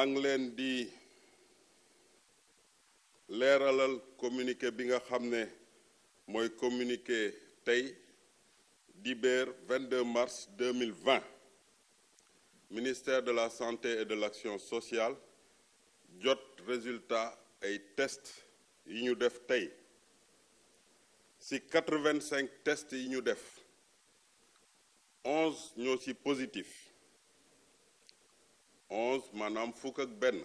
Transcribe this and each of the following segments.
maa ngi leen di leeralal communiqué bi nga xam ne mooy communiqué tey dibéer 22 mars 2020 ministère de la santé et de l'action sociale jot résultat ay test yi ñu def tey ci 85 tests yi ñu def 11 ñoo ci positif onze maanaam fukk ak benn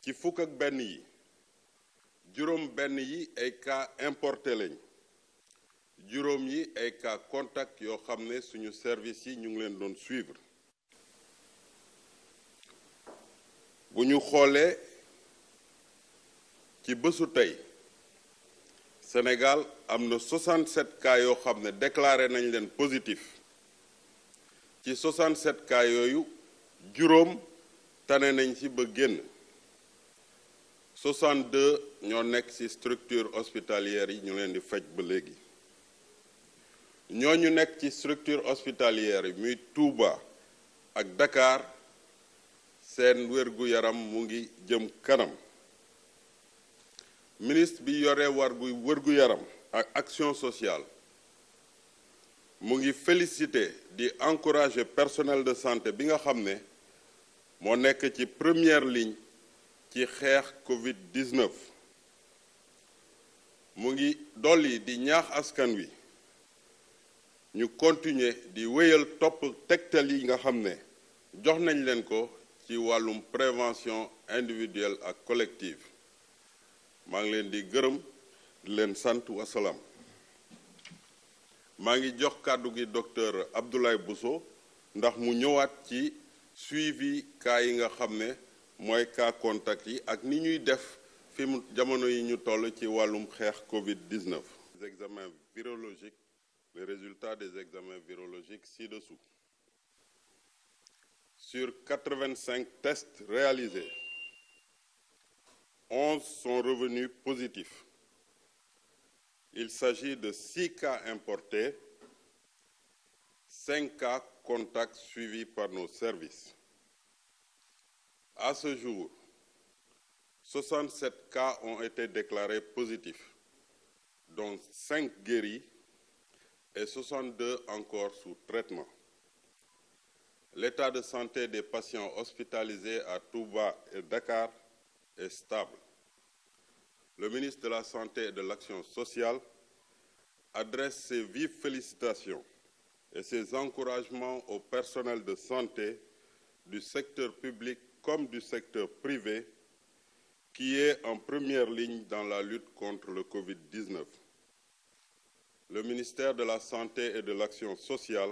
ci fukk ak benn yi juróom benn yi ay cas importé lañ juróom yi ay cas contact yoo xam ne suñu service yi ñu ngi leen doon suivre bu ñu xoolee ci bésu tey Sénégal am na 67 yoo xam ne déclaré nañ leen positif ci 67 cas yooyu juróom tane nañ ci ba génn 62 ñoo nekk ci structure hospitalière yi ñu leen di faj ba léegi ñoo ñu nekk ci structure hospitalière yi muy Touba ak dakaar seen wér-gu-yaram mu ngi jëm kanam ministre bi yore war gu wér-gu-yaram ak action sociale mu ngi féliciter di encourager personnel de santé bi nga xam ne moo nekk ci première ligne ci xeex Covid 19 mu ngi dolli di ñaax askan wi ñu continue di wéyal topp tegtal yi nga xam ne jox nañ leen ko ci wàllum prévention individuelle ak collective maa ngi leen di gërëm di leen sant wasalaam maa ngi jox kàddu gi docteur Abdoulaye Bousso ndax mu ñëwaat ci. suivi cas yi nga xam ne mooy cas contact yi ak ni ñuy def fi jamono yi ñu toll ci wàllum xeex Covid 19. les examens virologiques les résultats des examens virologiques ci-dessous. Sur 85 tests réalisés, 11 sont revenus positifs. Il s'agit de 6 cas importés, 5 contacts suivis par nos services. À ce jour, 67 cas ont été déclarés positifs, dont 5 guéris et 62 encore sous traitement. L'état de santé des patients hospitalisés à Touba et Dakar est stable. Le ministre la Santé de l'Action sociale adresse ses vives félicitations et ses encouragements au personnel de santé du secteur public comme du secteur privé qui est en première ligne dans la lutte contre le Covid-19. Le ministère de la Santé et de l'Action sociale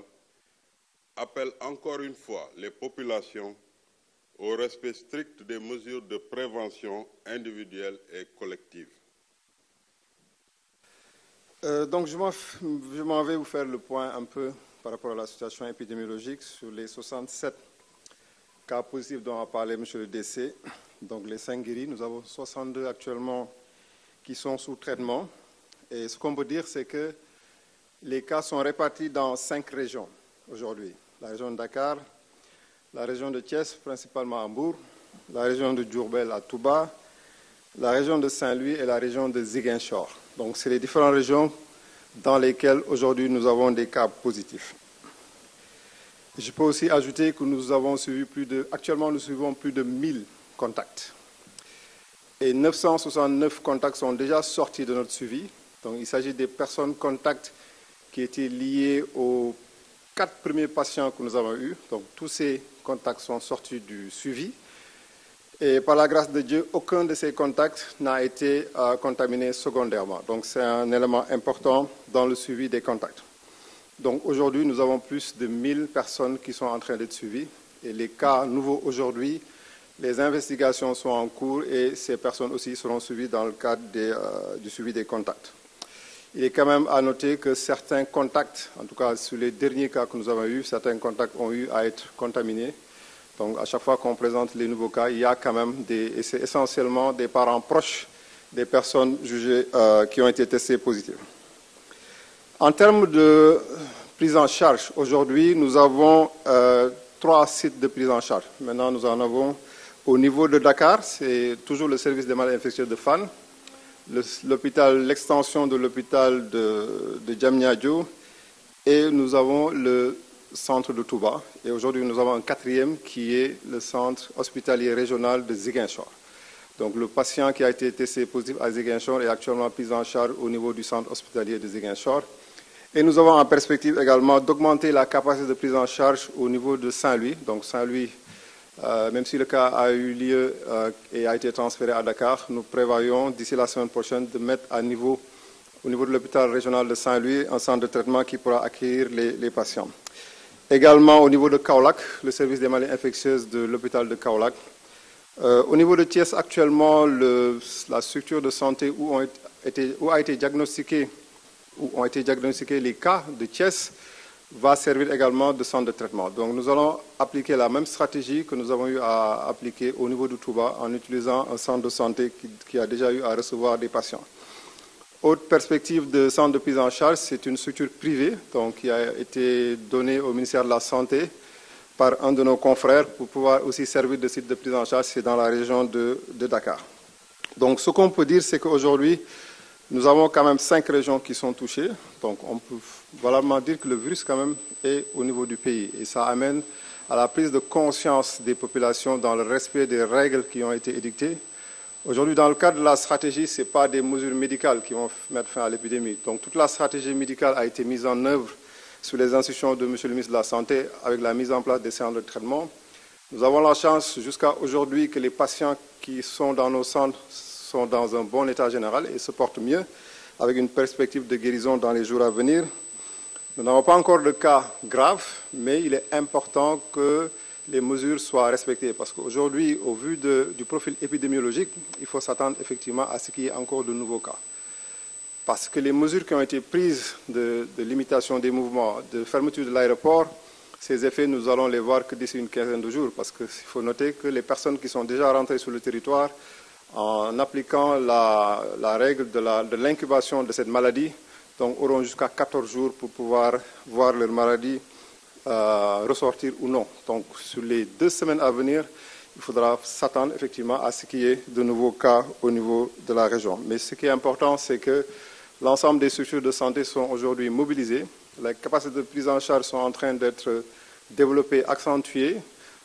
appelle encore une fois les populations au respect strict des mesures de prévention individuelle et collective. Euh, donc je un peu par rapport à la situation épidémiologique sur les 67 cas positifs dont a parlé M. le DC, donc les 5 guéris, nous avons 62 actuellement qui sont sous traitement. Et ce qu'on peut que les cas sont répartis dans cinq régions aujourd'hui. La région de Dakar, la région de Thiès, principalement à Hambourg, la région de Djourbel à Touba, région de saint et la région de Ziguinchor. Donc, c'est les dans lesquels aujourd'hui nous avons des cas positifs. Je peux aussi ajouter que nous avons suivi plus de, actuellement nous suivons plus de 1000 contacts. Et 969 contacts sont déjà sortis de notre suivi. Donc il des personnes contacts qui étaient liées aux quatre premiers patients que nous avons eus. Donc tous ces Et par la grâce de Dieu, aucun de ces contacts n'a été euh, contaminé secondairement. Donc c'est un élément important dans le suivi des contacts. Donc aujourd'hui, nous avons plus de 1000 personnes qui sont en train d'être suivies. Et les cas nouveaux aujourd'hui, les investigations sont en cours et ces personnes aussi seront suivies dans le cadre des, euh, du suivi des contacts. Il est quand même à noter que certains contacts, en tout cas sur les derniers cas que nous avons eus, certains contacts ont Donc à chaque fois qu'on présente les nouveaux cas, il y a quand même des, et c'est essentiellement des parents proches des personnes jugées euh, qui ont été testées positives. En termes de prise en charge, aujourd'hui, nous avons euh, trois sites de prise en charge. Maintenant, nous en avons au niveau de Dakar, c'est toujours le service des maladies infectieuses de Fan, l'hôpital, l'extension de l'hôpital de, de Djamniadjo, et nous avons le centre de Touba. Et aujourd'hui, nous avons un quatrième qui est le centre hospitalier régional de Ziguinchor. Donc le patient qui a été testé positif à Ziguinchor est actuellement pris en charge au niveau du centre hospitalier de Ziguinchor. Et nous avons en perspective également d'augmenter la capacité de prise en charge au niveau de Saint-Louis. Donc euh, même si le cas a eu lieu euh, et a été transféré à Dakar, nous prévoyons d'ici la semaine prochaine de mettre à niveau, au niveau de l'hôpital régional de Saint-Louis, un centre de traitement les, les Également au niveau de Kaolack, le service des maladies infectieuses de l'hôpital de Kaolack. Euh, au niveau de Thiès, actuellement, la structure de santé où, ont été, où a été diagnostiqué, où a été diagnostiqués les cas de Thiès va servir également de centre de traitement. Donc nous allons appliquer la même stratégie que nous avons eu à appliquer au niveau de Touba en utilisant un centre de santé qui, qui a déjà eu à recevoir des patients. Haute perspective de centre de prise en charge, c'est une structure privée donc, qui a été donnée au ministère de la Santé par un de nos confrères pour pouvoir aussi servir de site de prise en charge, c'est dans la région de, de Dakar. Donc ce qu'on peut dire, c'est qu'aujourd'hui, nous avons quand même cinq régions qui sont touchées. Donc on peut valablement dire que le virus quand même est au niveau du pays. Et ça amène à la prise de conscience des populations dans le respect des règles qui ont Aujourd'hui, dans le cadre de la stratégie, ce n'est pas des mesures médicales qui vont mettre fin à l'épidémie. Donc toute la stratégie médicale a été mise en œuvre sous les institutions de M. le ministre de la Santé avec la mise en place des séances de traitement. Nous avons la chance jusqu'à aujourd'hui que les patients qui sont dans nos centres sont dans un bon état général et se portent mieux, avec une perspective de guérison dans les jours à venir. Nous n'avons de cas graves, mais il est important les mesures soient respectées. Parce qu'aujourd'hui, au vu de, du profil épidémiologique, il faut s'attendre effectivement à ce qu'il y encore de nouveaux cas. Parce que les mesures qui ont été prises de, limitation des mouvements, de fermeture de l'aéroport, ces effets, nous allons les voir que d'ici une quinzaine de jours. Parce qu'il faut noter que les personnes qui sont déjà rentrées sur le territoire, en appliquant la, la règle de l'incubation de, de cette maladie, donc auront jusqu'à 14 jours pour pouvoir voir leur maladie euh, ressortir ou non. Donc, sur les deux semaines à venir, il faudra s'attendre effectivement à ce qu'il y de nouveaux cas au niveau de la région. Mais ce qui est important, c'est que l'ensemble des structures de santé sont aujourd'hui mobilisées. Les capacités de prise en charge sont en train d'être développées, accentuées,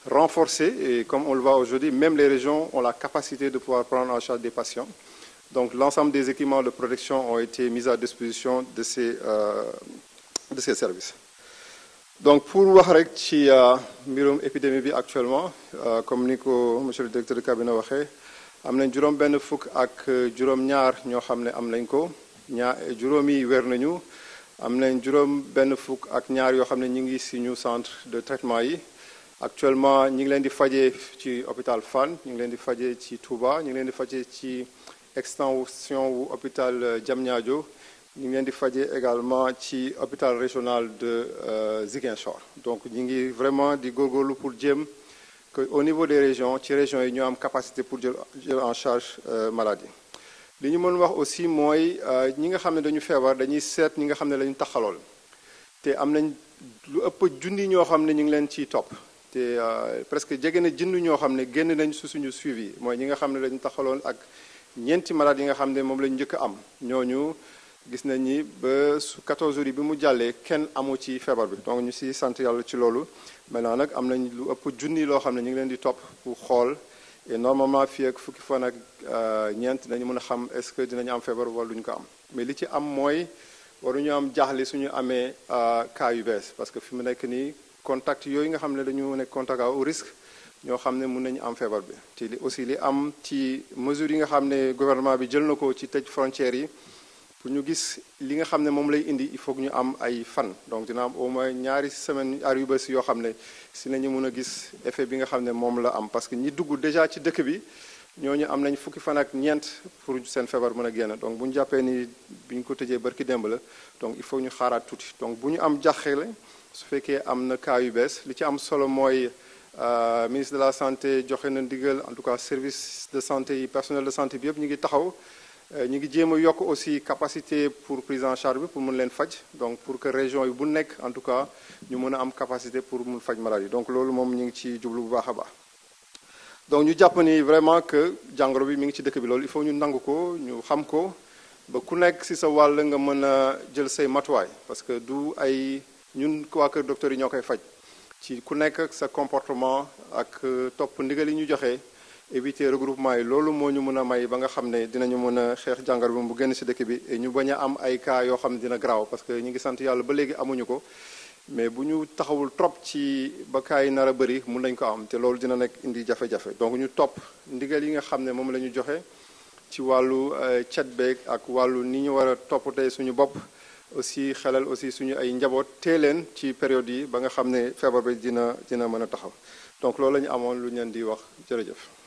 renforcées. Et comme on le voit aujourd'hui, même les régions ont la capacité de pouvoir prendre en charge des patients. Donc l'ensemble des équipements de protection ont été mis à de ces, euh, de donc pour wax rek ci euh, mbirum épidémie bi actuellement euh, comme ni ko monsieur le directeur de cabinet waxee am nañ juróom benn fukk ak euh, juróom ñaar ñoo xam ne am nañ ko ñaar juróomi wér nañu am nañ juróom benn fukk ak ñaar yoo xam ne ñu ngi suñu centre de traitement yi actuellement ñu ngi leen di fajee ci hôpital fan ñu ngi leen di fajee ci Touba ñu ngi leen di fajee ci extension wu hôpital Diamniadio ñu ngi leen di faje également ci hôpital régional de euh, Ziguinchor donc ñu ngi vraiment di góorgóorlu pour jéem que au niveau des régions ci régions yi ñu am capacité pour jël jël en charge euh, maladie li ñu mën wax aussi mooy euh, ñi nga xam ne dañu feebar dañuy seet ñi nga xam ne lañu taxalool te am nañ lu ëpp junni ñoo xam ne ñu ngi leen ciy topp te presque jege na junni ñoo xam ne génn nañ su suñu suivi mooy ñi nga xam ne dañu taxaloon ak ñeenti malade yi nga xam ne moom lañu njëkk am ñooñu gis nañ ni ba su 14 jours yi bi mu jàllee kenn amu ci feebar bi donc ñu si sant yàlla ci loolu maintenant nag am nañ lu ëpp junni loo xam ne ñu ngi leen di topp pour xool et normalement fii ak fukki fan ak euh, ñeent nañu mën a xam est-ce que dinañu am feebar wala duñu ko am mais li ci am mooy waruñu am jaaxle suñu amee euh, cas yu bees parce que fi mu nekk nii contact yooyu nga xam ne dañu nekk contact à haut risque ñoo xam ne mun nañu am feebar bi te li aussi li am ci mesure yi nga xam ne gouvernement bi jël na ko ci tëj frontières yi pour ñu gis li nga xam ne moom lay indi il faut que ñu am ay fan donc dina am au moins ñaari semaine yu si yoo xam ne si nañu mën a gis effet bi nga xam ne moom la am parce que ñi dugg déjà ci dëkk bi ñooñu am nañ fukki fan ak ñeent pour seen feebar mën a génn donc bu ñu jàppee nii bi ñu ko tëjee barki démb la donc il faut ñu xaaraat tuuti donc bu ñu am jaxele su fekkee am na cas yu bees li ci am solo mooy euh, ministre de la santé joxe na ndigal en tout cas service de santé yi personnel bi yëpp ñu ngi taxaw Euh, ñu ngi jéem a yokk aussi capacité pour prise en charge bi pour mun leen faj donc pour que région yi bu nekk en tout cas ñu mën a am capacité pour mun faj maladie donc loolu moom ñu ngi ci jublu bu baax a baax donc ñu jàpp ni vraiment que jàngoro bi mi ngi ci dëkk bi loolu il faut ñu nangu ko ñu xam ko ba ku nekk si sa wàll nga mën a jël say matuwaay parce que du ay ñun waa kër docteur yi ñoo koy faj ci ku nekk sa comportement ak euh, topp ndigal yi ñu joxe. éviter regroupement yi loolu moo ñu mën a may ba nga xam ne dinañu mën a xeex jàngar bi mu génn si dëkk bi ñu bañ a am ay cas yoo xam ne dina garaaw parce que ñu ngi sant yàlla ba léegi amuñu ko mais bu ñu taxawul trop ci ba cas yi nar a bëri mun nañ ko am te loolu dina nekk indi jafe-jafe donc ñu topp ndigal yi nga xam ne moom la ñu joxe ci wàllu euh, cet beeg ak wàllu ni ñu war a tey suñu bopp aussi xelal aussi suñu ay njaboot tee leen ci période yi ba nga xam ne feebar bi dina dina mën a taxaw donc loolu la ñu amoon lu leen di wax jërëjëf